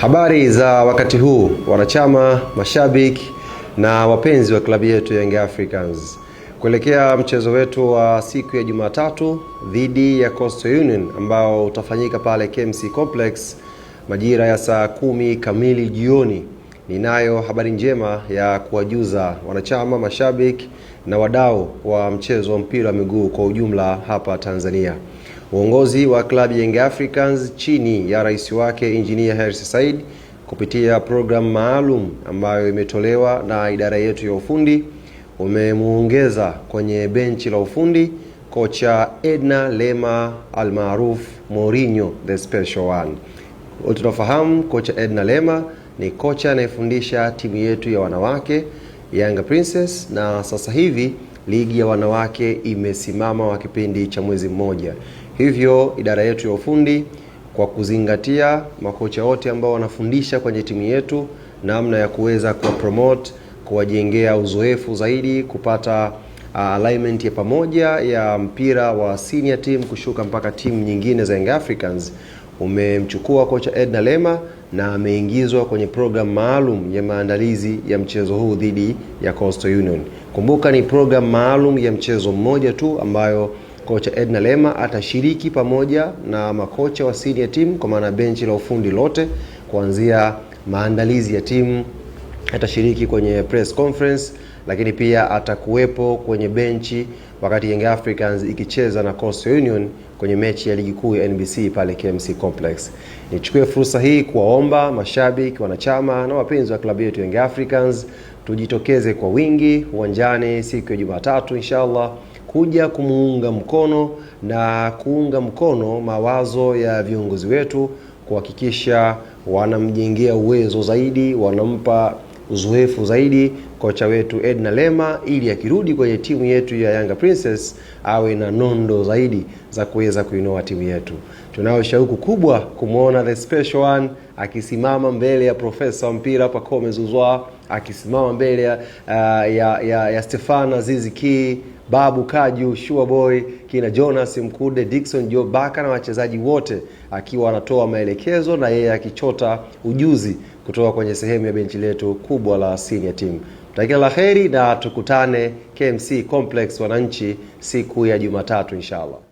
Habari za wakati huu, wanachama, mashabiki na wapenzi wa klabu yetu Young Africans, kuelekea mchezo wetu wa siku ya Jumatatu dhidi ya Coastal Union ambao utafanyika pale KMC Complex majira ya saa kumi kamili jioni, ninayo habari njema ya kuwajuza wanachama, mashabiki na wadau wa mchezo wa mpira wa miguu kwa ujumla hapa Tanzania. Uongozi wa klabu ya Young Africans chini ya rais wake Engineer Hersi Said kupitia programu maalum ambayo imetolewa na idara yetu ya ufundi umemuongeza kwenye benchi la ufundi kocha Edna Lema almaruf Mourinho the special one. Tunafahamu kocha Edna Lema ni kocha anayefundisha timu yetu ya wanawake Yanga Princess, na sasa hivi ligi ya wanawake imesimama kwa kipindi cha mwezi mmoja. Hivyo idara yetu ya ufundi kwa kuzingatia makocha wote ambao wanafundisha kwenye timu yetu, namna ya kuweza kuwa promote, kuwajengea uzoefu zaidi, kupata uh, alignment ya pamoja ya mpira wa senior team kushuka mpaka timu nyingine za Young Africans. Umemchukua kocha Edna Lema na ameingizwa kwenye programu maalum ya maandalizi ya mchezo huu dhidi ya Coastal Union. Kumbuka ni programu maalum ya mchezo mmoja tu ambayo kocha Edna Lema atashiriki pamoja na makocha wa senior team kwa maana benchi la ufundi lote, kuanzia maandalizi ya timu, atashiriki kwenye press conference, lakini pia atakuwepo kwenye benchi wakati Young Africans ikicheza na Coastal Union kwenye mechi ya ligi kuu ya NBC pale KMC Complex. Nichukue fursa hii kuwaomba mashabiki, wanachama na wapenzi wa klabu yetu Young Africans tujitokeze kwa wingi uwanjani siku ya Jumatatu inshallah kuja kumuunga mkono na kuunga mkono mawazo ya viongozi wetu kuhakikisha wanamjengea uwezo zaidi, wanampa uzoefu zaidi kocha wetu Edna Lema ili akirudi kwenye timu yetu ya Yanga Princess awe na nondo zaidi za kuweza kuinoa timu yetu. Tunayo shauku kubwa kumwona the special one akisimama mbele ya profesa wa mpira Pacome Zuzwa, akisimama mbele ya, uh, ya, ya, ya Stefana Ziziki Babu Kaju, Sure Boy, kina Jonas Mkude, Dickson Job Baka na wachezaji wote, akiwa anatoa maelekezo na yeye akichota ujuzi kutoka kwenye sehemu ya benchi letu kubwa la senior team. Tutakia la heri na tukutane KMC Complex wananchi siku ya Jumatatu inshallah.